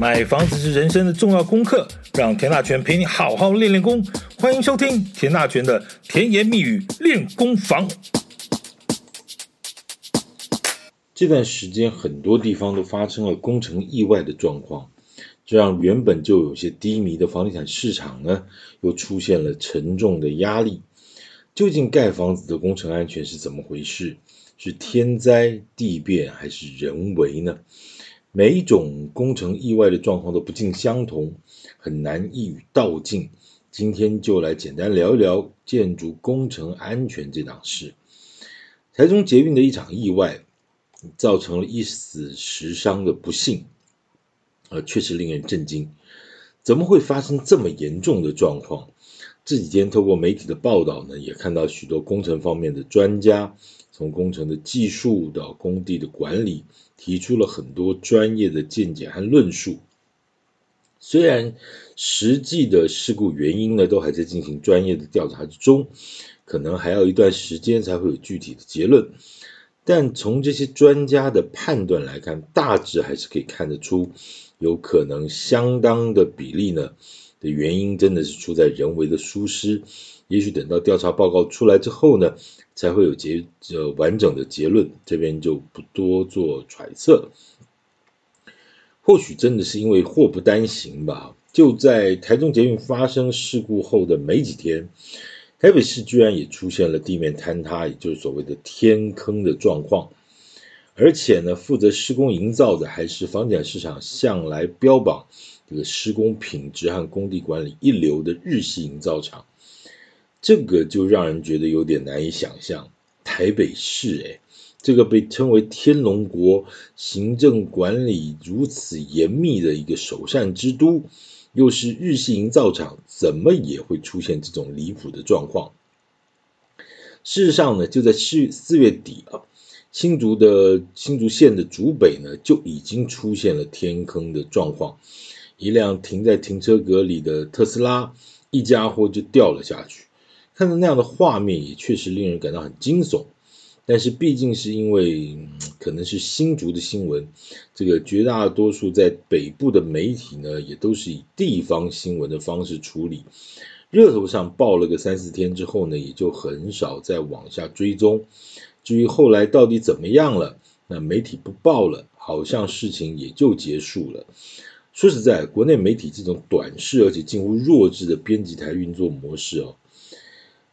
買房子是人生的重要功課，讓田大權陪你好好練練功。歡迎收聽田大權的甜言蜜語練功房。這段時間，很多地方都發生了工程意外的狀況，這讓原本就有些低迷的房地產市場呢，又出現了沉重的壓力。究竟蓋房子的工程安全是怎麼回事？是天災地變還是人為呢？每一種工程意外的狀況都不盡相同，很難一語道盡。今天就來簡單聊一聊建築工程安全這檔事。台中捷運的一場意外，造成了一死十傷的不幸，呃，確實令人震驚。怎麼會發生這麼嚴重的狀況？這幾天透過媒體的報道呢，也看到許多工程方面的專家，從工程的技術到工地的管理，提出了很多專業的見解和論述。雖然實際的事故原因呢，都還在進行專業的調查之中，可能還要一段時間才會有具體的結論。但從這些專家的判斷來看，大致還是可以看得出，有可能相當的比例呢，的原因真的是出在人為的疏失。也許等到調查報告出來之後呢，才會有結，呃，完整的結論。這邊就不多做揣測。或許真的是因為禍不單行吧。就在台中捷運發生事故後的沒幾天，台北市居然也出現了地面坍塌，也就是所謂的天坑的狀況。而且呢，負責施工營造的還是房地產市場向來標榜這個施工品質和工地管理一流的日系營造廠。這個就讓人覺得有點難以想象。台北市，誒，這個被稱為“天龍國”，行政管理如此嚴密的一個首善之都，又是日系營造廠，怎麼也會出現這種離譜的狀況？事實上呢，就在四四月底啊，新竹的新竹縣的竹北呢，就已經出現了天坑的狀況，一輛停在停車格裡的特斯拉，一家伙，就掉了下去。看到那樣的畫面也確實令人感到很驚悚，但是畢竟是因為可能是新竹的新聞，這個絕大多數在北部的媒體呢，也都是以地方新聞的方式處理，熱頭上報了個三四天之後呢，也就很少再往下追蹤。至於後來到底怎麼樣了，那媒體不報了，好像事情也就結束了。說實在，國內媒體這種短視而且近乎弱智的編輯台運作模式哦。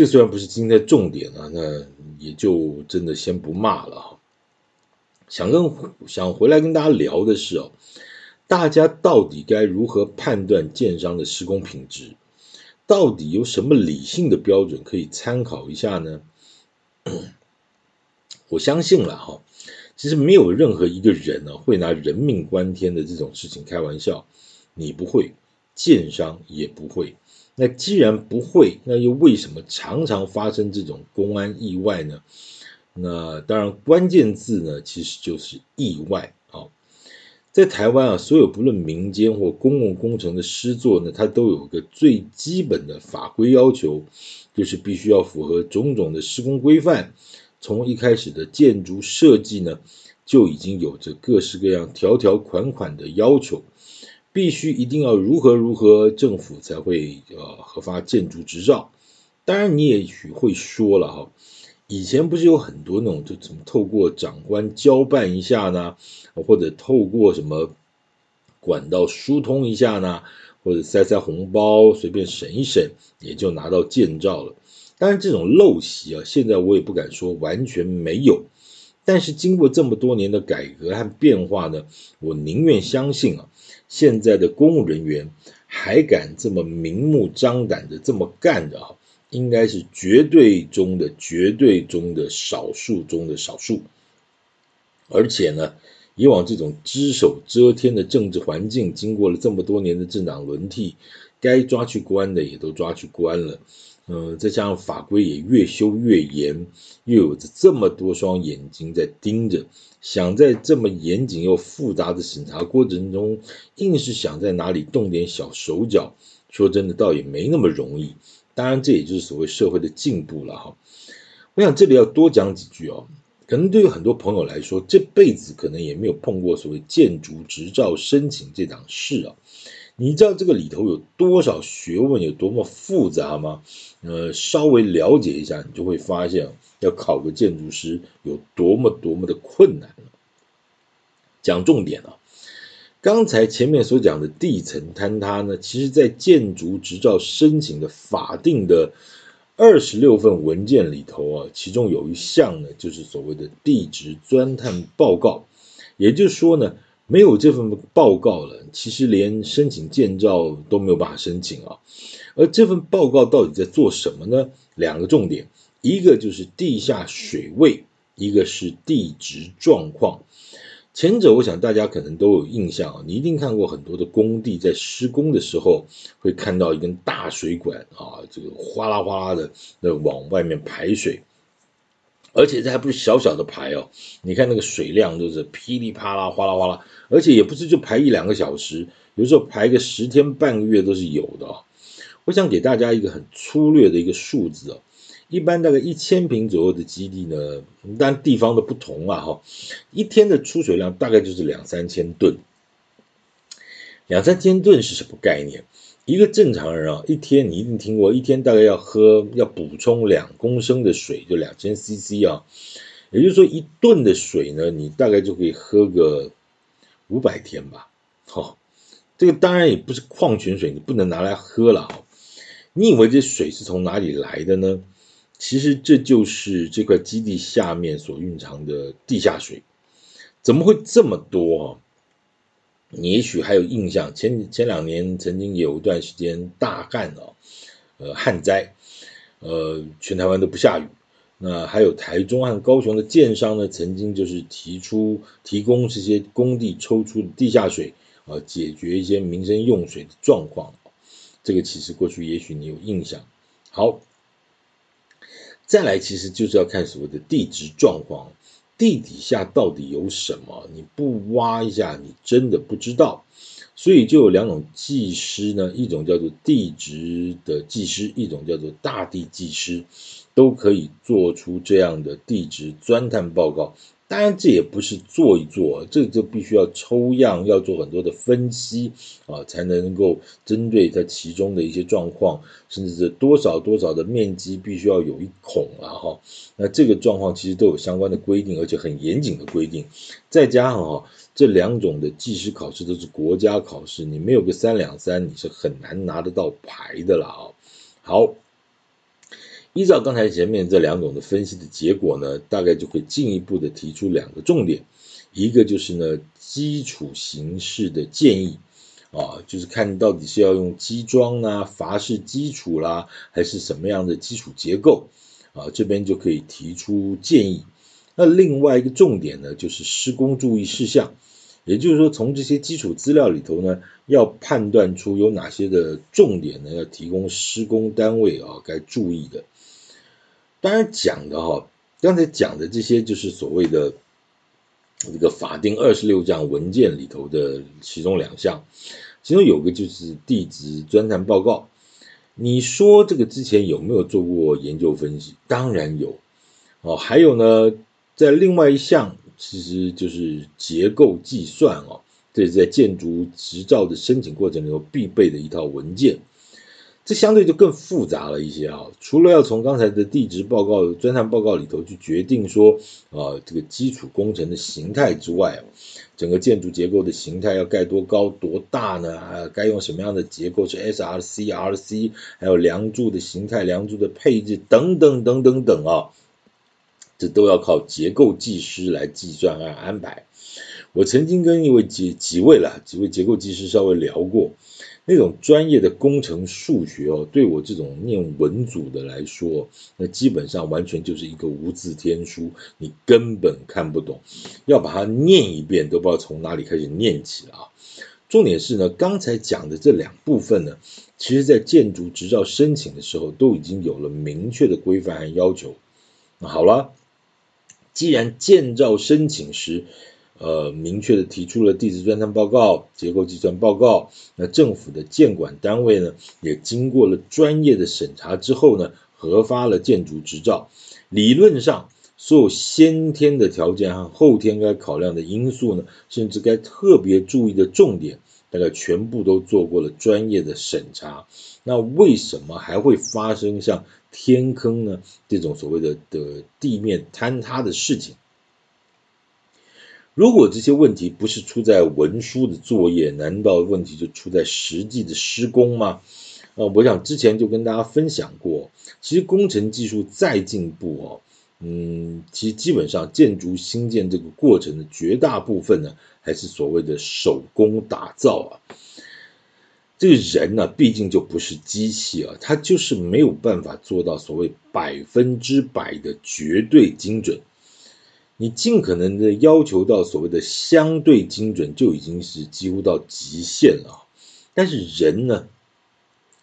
這雖然不是今天的重點啊，那也就真的先不罵了哈。想跟想回來跟大家聊的是哦，大家到底該如何判斷建商的施工品質？到底有什麼理性的標準可以參考一下呢？我相信了哈，其實沒有任何一個人呢會拿人命關天的這種事情開玩笑，你不會，建商也不會。那既然不會，那又為什麼常常發生這種工安意外呢？那當然，關鍵字呢其實就是意外啊。在台灣啊，所有不論民間或公共工程的施作呢，它都有個最基本的法規要求，就是必須要符合種種的施工規範。從一開始的建築設計呢，就已經有着各式各樣條條款款的要求。必須一定要如何如何，政府才會呃核發建築執照。當然，你也許會說了哈，以前不是有很多那種就怎麼透過長官交辦一下呢，或者透過什麼管道疏通一下呢，或者塞塞紅包隨便審一審也就拿到建照了。當然，這種陋習啊，現在我也不敢說完全沒有。但是經過這麼多年的改革和變化呢，我寧願相信啊。現在的公務人員還敢這麼明目張膽的這麼幹的啊？應該是絕對中的絕對中的少數中的少數。而且呢，以往這種只手遮天的政治環境，經過了這麼多年的政黨輪替，該抓去關的也都抓去關了。呃、嗯，再加上法規也越修越嚴，又有着這麼多雙眼睛在盯着，想在這麼嚴謹又複雜的審查過程中，硬是想在哪裡動點小手腳，說真的，倒也沒那麼容易。當然，這也就是所謂社會的進步了哈。我想這裡要多講幾句哦，可能對於很多朋友來說，這輩子可能也沒有碰過所謂建築執照申請這檔事啊。你知道這個裡頭有多少學問，有多麼複雜啊嗎？呃，稍微了解一下，你就會發現，要考個建築師有多麼多麼的困難了。講重點啊，剛才前面所講的地層坍塌呢，其實在建築執照申請的法定的二十六份文件裡頭啊，其中有一項呢，就是所謂的地質鑽探報告，也就是說呢。沒有這份報告了，其實連申請建造都沒有辦法申請啊。而這份報告到底在做什麼呢？兩個重點，一個就是地下水位，一個是地質狀況。前者，我想大家可能都有印象啊，你一定看過很多的工地在施工的時候，會看到一根大水管啊，這個嘩啦嘩啦的那往外面排水。而且這還不是小小的排哦，你看那個水量都是噼里啪啦，嘩啦嘩啦，而且也不是就排一兩個小時，有時候排個十天半個月都是有的哦。我想給大家一個很粗略的一個數字哦，一般大概一千平左右的基地呢，但地方的不同啊哈，一天的出水量大概就是兩三千噸。兩三千噸是什麼概念？一個正常人啊，一天你一定聽過，一天大概要喝要補充兩公升的水，就兩千 CC 啊，也就是說一噸的水呢，你大概就可以喝個五百天吧。好、哦，這個當然也不是礦泉水，你不能拿來喝了啊。你以為這水是從哪裡來的呢？其實這就是這塊基地下面所蘊藏的地下水，怎麼會這麼多、啊？你也許還有印象，前前兩年曾經有一段時間大旱哦啊，呃旱災，呃全台灣都不下雨。那還有台中和高雄的建商呢，曾經就是提出提供這些工地抽出的地下水，啊解決一些民生用水的狀況。這個其實過去也許你有印象。好，再來其實就是要看所謂的地質狀況。地底下到底有什麼？你不挖一下，你真的不知道。所以就有兩種技師呢，一種叫做地質的技師，一種叫做大地技師，都可以做出這樣的地質鑽探報告。當然，這也不是做一做，這就必須要抽樣，要做很多的分析啊，才能夠針對它其中的一些狀況，甚至是多少多少的面積必須要有一孔了、啊、哈、啊。那這個狀況其實都有相關的規定，而且很嚴謹的規定。再加上哈、啊，這兩種的技師考試都是國家考試，你沒有個三兩三，你是很難拿得到牌的了啊。好。依照剛才前面這兩種的分析的結果呢，大概就會進一步的提出兩個重點，一個就是呢基礎形式的建議，啊，就是看到底是要用基樁啊、筏式基礎啦，還是什麼樣的基礎結構，啊，這邊就可以提出建議。那另外一個重點呢，就是施工注意事項，也就是說從這些基礎資料裡頭呢，要判斷出有哪些的重點呢，要提供施工單位啊該注意的。當然講的哈，剛才講的這些就是所謂的這個法定二十六項文件裡頭的其中兩項，其中有個就是地質專案報告。你說這個之前有沒有做過研究分析？當然有。哦，還有呢，在另外一項其實就是結構計算哦，這是在建築執照的申請過程裡頭必備的一套文件。這相對就更複雜了一些啊，除了要從剛才的地質報告、鑽探報告裡頭去決定說啊，這個基礎工程的形態之外，整個建築結構的形態要蓋多高、多大呢？啊、該用什麼樣的結構？是 SRC、RC，還有樑柱的形態、樑柱的配置等等等等等啊，這都要靠結構技師來計算案、來安排。我曾經跟一位幾幾位了，幾位結構技師稍微聊過。那種專業的工程數學哦，對我這種念文組的來說，那基本上完全就是一個無字天書，你根本看不懂。要把它念一遍都不知道從哪裡開始念起啊！重點是呢，剛才講的這兩部分呢，其實在建築執照申請的時候都已經有了明確的規範和要求。那好了，既然建造申請時，呃，明確的提出了地質專項報告、結構計算報告。那政府的建管單位呢，也經過了專業的審查之後呢，核發了建築執照。理論上，所有先天的條件和後天該考量的因素呢，甚至該特別注意的重點，大概全部都做過了專業的審查。那為什麼還會發生像天坑呢，這種所謂的的地面坍塌的事情？如果這些問題不是出在文書的作業，難道問題就出在實際的施工嗎？呃，我想之前就跟大家分享過，其實工程技術再進步哦，嗯，其實基本上建築興建這個過程的絕大部分呢，還是所謂的手工打造啊。這個人呢、啊，畢竟就不是機器啊，他就是沒有辦法做到所謂百分之百的絕對精準。你盡可能的要求到所謂的相對精準，就已經是幾乎到極限了。但是人呢，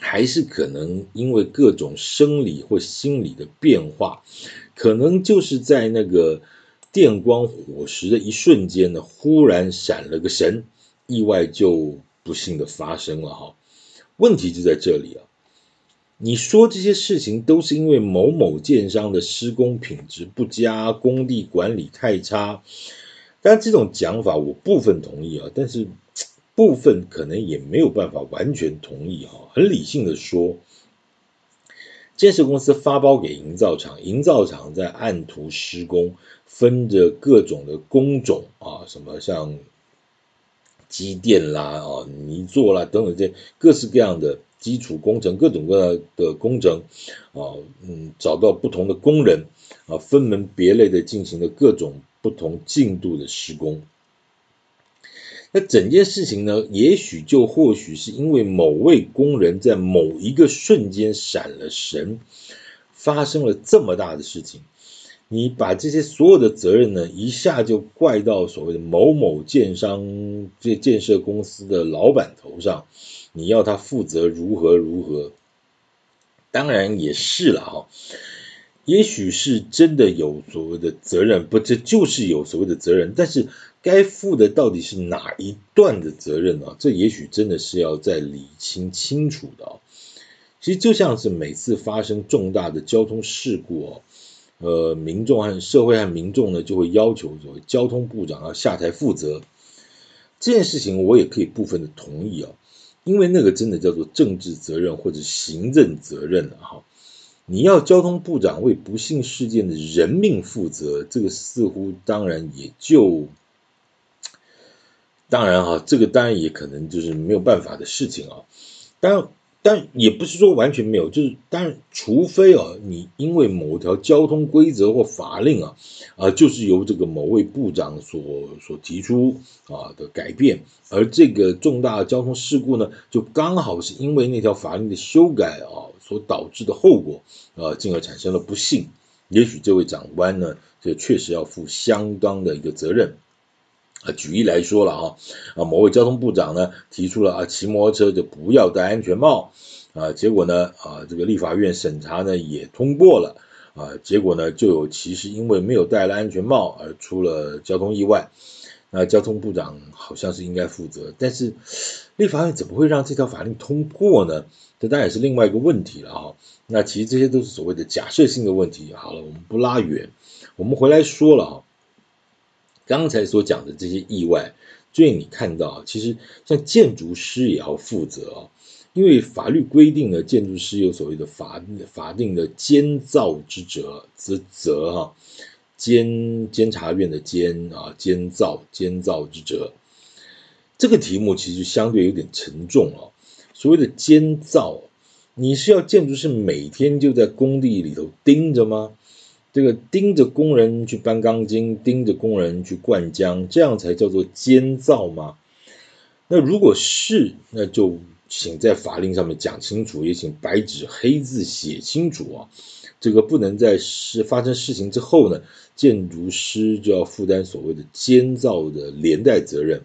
還是可能因為各種生理或心理的變化，可能就是在那個電光火石的一瞬間呢，忽然閃了個神，意外就不幸的發生了哈。問題就在這裡啊。你說這些事情都是因為某某建商的施工品質不佳，工地管理太差，但這種講法我部分同意啊，但是部分可能也沒有辦法完全同意哈、啊。很理性的說，建設公司發包給營造廠，營造廠在按圖施工，分着各種的工種啊，什麼像機電啦、哦、啊，泥作啦等等這各式各樣的，基礎工程，各種各樣的工程，啊，嗯，找到不同的工人，啊，分門別類的進行了各種不同進度的施工。那整件事情呢，也許就或許是因為某位工人在某一個瞬間閃了神，發生了這麼大的事情。你把這些所有的責任呢，一下就怪到所謂的某某建商這建設公司的老闆頭上，你要他負責如何如何？當然也是了啊、哦，也許是真的有所謂的責任，不，這就是有所謂的責任，但是該負的到底是哪一段的責任呢、啊？這也許真的是要再理清清楚的。其實就像是每次發生重大的交通事故哦。呃，民眾和社會和民眾呢，就會要求說交通部長要下台負責這件事情。我也可以部分的同意啊、哦，因為那個真的叫做政治責任或者行政責任哈、啊。你要交通部長為不幸事件的人命負責，這個似乎當然也就當然哈、啊，這個當然也可能就是沒有辦法的事情啊，但。但也不是說完全沒有，就是，但除非啊，你因為某條交通規則或法令啊，啊，就是由這個某位部長所所提出啊的改變，而這個重大交通事故呢，就剛好是因為那條法令的修改啊所導致的後果啊，進而產生了不幸，也許這位長官呢，就確實要負相當的一個責任。啊，舉例來說了哈，啊，某位交通部長呢提出了，啊，騎摩托車就不要戴安全帽，啊，結果呢，啊，這個立法院審查呢也通過了，啊，結果呢，就有騎士因為沒有戴了安全帽而出了交通意外，那交通部長好像是應該負責，但是立法院怎麼會讓這條法令通過呢？這當然是另外一個問題了哈、啊，那其實這些都是所謂的假設性的問題，好了，我們不拉遠，我們回來說了哈、啊。剛才所講的這些意外，最近你看到，其實像建築師也要負責啊、哦，因為法律規定呢，建築師有所謂的法法定的監造之責職責哈，監監察院的監啊，監造監造之責。這個題目其實就相對有點沉重哦，所謂的監造，你是要建築師每天就在工地裡頭盯着嗎？這個盯着工人去搬鋼筋，盯着工人去灌漿，這樣才叫做監造嗎？那如果是，那就請在法令上面講清楚，也請白紙黑字寫清楚啊。這個不能在事發生事情之後呢，建築師就要負擔所謂的監造的連帶責任。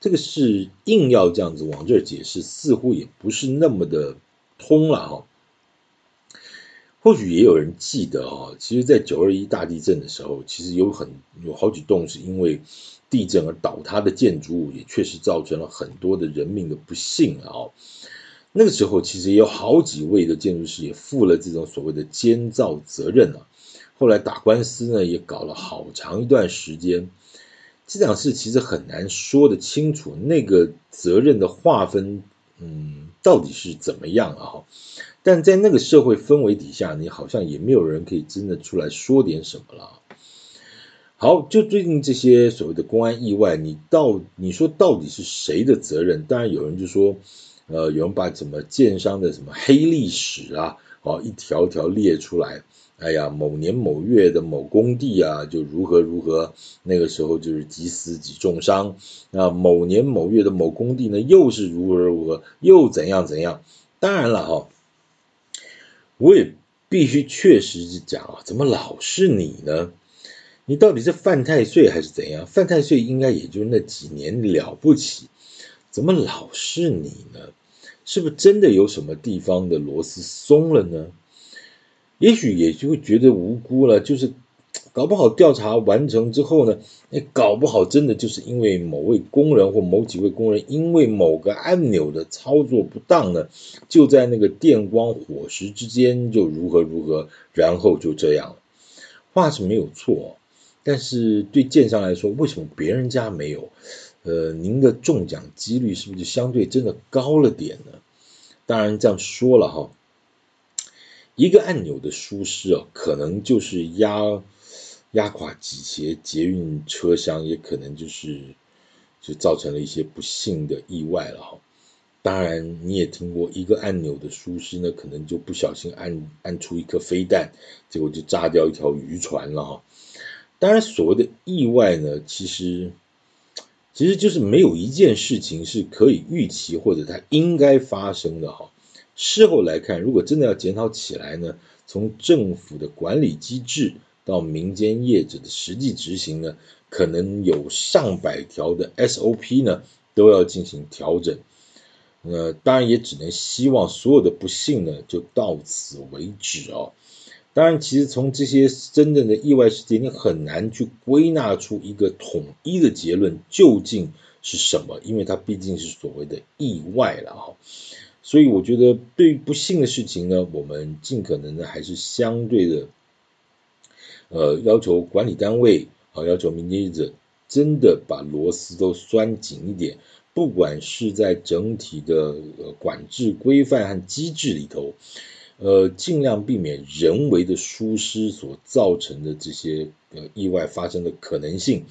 這個是硬要這樣子往這兒解釋，似乎也不是那麼的通了哦。或許也有人記得、哦、其實，在九二一大地震的時候，其實有很有好幾棟是因為地震而倒塌的建築物，也確實造成了很多的人命的不幸、哦、那個時候，其實也有好幾位的建築師也負了這種所謂的監造責任啊。後來打官司呢，也搞了好長一段時間。這件事其實很難說得清楚，那個責任的劃分，嗯，到底是怎麼樣啊？但在那個社會氛圍底下，你好像也沒有人可以真的出來說點什麼了。好，就最近這些所謂的公安意外，你到你說到底是誰的責任？當然有人就說，呃，有人把怎麼建商的什麼黑歷史啊，好，一條條列出來。哎呀，某年某月的某工地啊，就如何如何，那個時候就是幾死幾重傷啊。那某年某月的某工地呢，又是如何如何，又怎樣怎樣。當然了，哦，哈。我也必須確實是講啊，怎麼老是你呢？你到底是犯太歲還是怎樣？犯太歲應該也就那幾年了不起，怎麼老是你呢？是不是真的有什麼地方的螺絲鬆了呢？也許也就會覺得無辜了，就是。搞不好調查完成之後呢，欸，搞不好真的就是因為某位工人或某幾位工人因為某個按鈕的操作不當呢，就在那個電光火石之間就如何如何，然後就這樣了。話是沒有錯，但是對建商來說，為什麼別人家沒有？呃，您的中獎幾率是不是就相對真的高了點呢？當然這樣說了哈，一個按鈕的疏失哦，可能就是壓。壓垮幾節捷運車廂，也可能就是就造成了一些不幸的意外了哈。當然，你也聽過一個按鈕的疏失呢，可能就不小心按按出一顆飛彈，結果就炸掉一條漁船了哈。當然，所謂的意外呢，其實其實就是沒有一件事情是可以預期或者它應該發生的哈。事後來看，如果真的要檢討起來呢，從政府的管理機制到民間業者的實際執行呢，可能有上百條的 SOP 呢，都要進行調整。呃，當然也只能希望所有的不幸呢，就到此為止啊、哦。當然，其實從這些真正的意外事件，你很難去歸納出一個統一的結論究竟是什麼，因為它畢竟是所謂的意外了啊。所以，我覺得對於不幸的事情呢，我們盡可能的還是相對的。呃，要求管理單位啊、呃，要求 manager 真的把螺絲都拴緊一點，不管是在整體的、呃、管制規範和機制裡頭，呃，盡量避免人為的疏失所造成的這些呃意外發生的可能性。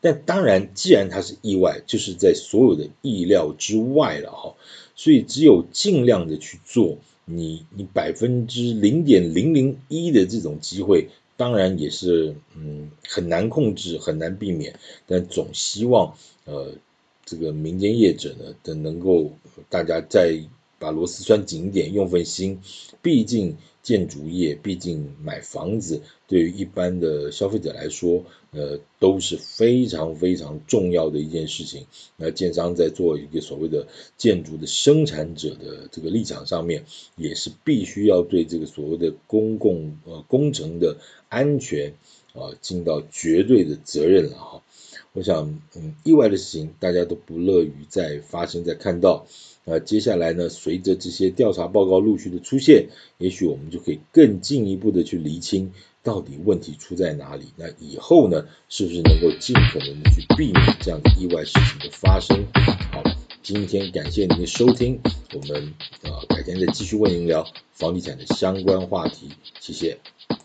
但當然，既然它是意外，就是在所有的意料之外了哈、哦。所以，只有盡量的去做你，你你百分之零點零零一的這種機會。當然也是，嗯，很難控制，很難避免，但總希望，呃，這個民間業者呢，能夠大家在。把螺絲栓緊一點，用份心。畢竟建築業，畢竟買房子，對於一般的消費者來說，呃，都是非常非常重要的一件事情。那建商在做一個所謂的建築的生產者的這個立場上面，也是必須要對這個所謂的公共呃工程的安全啊，呃，盡到絕對的責任了哈。我想，嗯，意外的事情大家都不樂於再發生再看到。那、呃、接下來呢，隨着這些調查報告陸續的出現，也許我們就可以更進一步的去理清到底問題出在哪裡。那以後呢，是不是能夠盡可能的去避免這樣的意外事情的發生？好，今天感謝您的收聽，我們、呃、改天再繼續為您聊房地產的相關話題。謝謝。